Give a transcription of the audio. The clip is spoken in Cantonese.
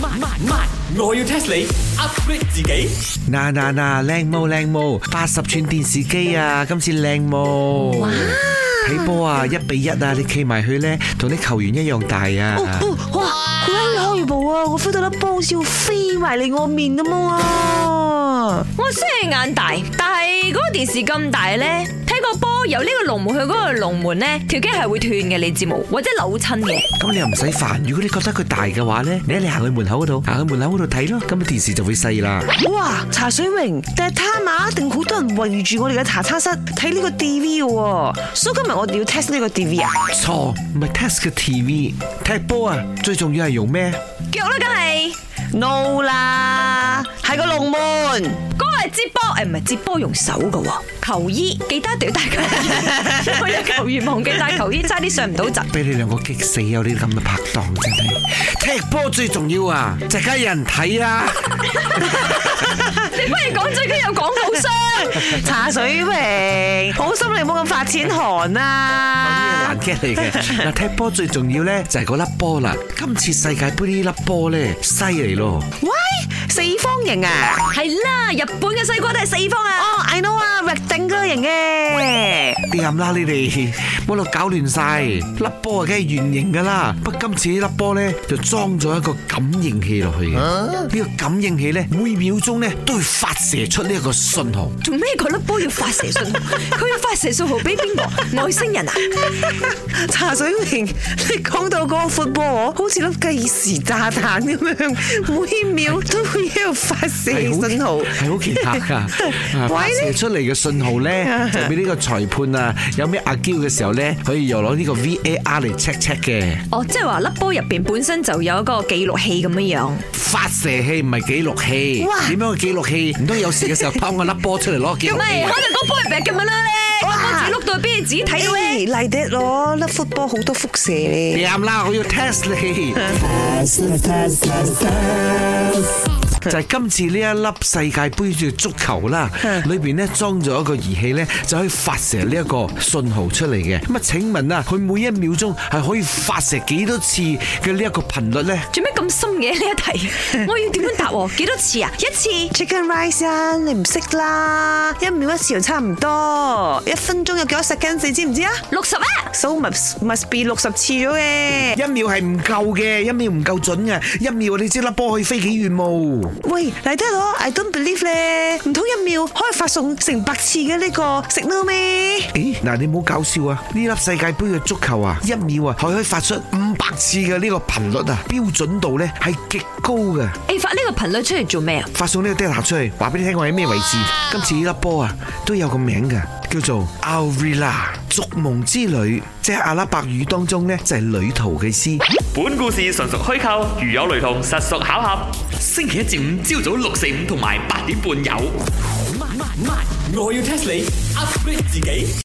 萬萬萬！My, my, 我要 test 你 upgrade 自己。嗱嗱嗱，靚模靚模，八十寸電視機啊，今次靚模。哇！睇波啊，一比一啊，你企埋去咧，同啲球員一樣大啊。哦哦，哇！好驚開步啊，我飛到粒波要飛埋你我面啊嘛。我雖然眼大，但係嗰個電視咁大咧。呢個波由呢個龍門去嗰個龍門咧，條筋係會斷嘅，你志武，或者扭親嘅。咁你又唔使煩，如果你覺得佢大嘅話咧，你喺你行去門口嗰度，行去門口嗰度睇咯。咁電視就會細啦。哇！茶水榮，但係聽晚一定好多人圍住我哋嘅茶餐室睇呢個 TV 嘅。所以今日我哋要 test 呢個 TV 啊？錯，唔係 test 嘅 TV。踢波啊，最重要係用咩？腳啦，梗係 no 啦，係個龍門，嗰個係接波誒，唔係接波用手嘅。球衣，記得要戴球衣。我有球員唔記得嘅戴球衣，球球衣差啲上唔到閘。俾你兩個激死，有啲咁嘅拍檔真係，踢波最重要啊！即係有人睇啊！ 你不如講最緊有廣告商，茶水平，好心你冇咁發錢寒啊！呢啲係難聽嚟嘅。但踢波最重要咧，就係嗰粒波啦。今次世界杯呢粒波咧，犀利咯！四方形啊，係啦，日本嘅西瓜都係四方啊。哦、oh，I know 啊，rectangle 型嘅。掂啦，你哋冇度搞亂晒粒波啊，梗係圓形噶啦。不過今次呢粒波咧，就裝咗一個感應器落去嘅。呢個感應器咧，每秒鐘咧都會發射出呢一個信號。做咩佢粒波要發射信號？佢要發射信號俾邊個？外星人啊？茶水瓶，你講到個闊波，好似粒計時炸彈咁樣，每秒都要發射信號，係好奇特噶。發射出嚟嘅信號咧，就俾呢個裁判啊。有咩阿嬌嘅時候咧，可以又攞呢個 VAR 嚟 check check 嘅。哦，即係話粒波入邊本身就有一個記錄器咁樣樣。發射器唔係記錄器，點樣 個記錄器？唔通有事嘅時候拋個粒波出嚟攞？唔係，可能嗰波唔係咁樣咧，波紙碌到邊，你自己睇？like that 咯，粒 football 好多輻射咧。掂啦，我要 test 你。就係今次呢一粒世界盃嘅足球啦，裏邊咧裝咗一個儀器咧，就可以發射呢一個信號出嚟嘅。咁啊，請問啊，佢每一秒鐘係可以發射幾多次嘅呢一個頻率咧？做咩咁深嘅呢一題？我要點樣答？幾多次啊？一次？Chicken rice 啊？你唔識啦。一秒一次又差唔多。一分鐘有幾多 seconds？你知唔知啊？六十啊！So must must be 六十次咗嘅。一秒係唔夠嘅，一秒唔夠準嘅，一秒你知粒波可以飛幾遠喂，嚟得啦！I don't believe 咧，唔通一秒可以發送成百次嘅呢個 signal 咩？咦，嗱你唔好搞笑啊！呢粒世界杯嘅足球啊，一秒啊可以發出五百次嘅呢個頻率啊，標準度咧係極高嘅。誒，發呢個頻率出嚟做咩啊？發送呢個 data 出嚟，話俾你聽我喺咩位置。今哇 次呢粒波啊都有個名噶。叫做 Aurilla 逐夢之旅，即係阿拉伯語當中咧，就係旅途嘅詩。本故事純屬虛構，如有雷同，實屬巧合。星期一至五朝早六四五同埋八點半有。我要 test 你 upgrade 自己。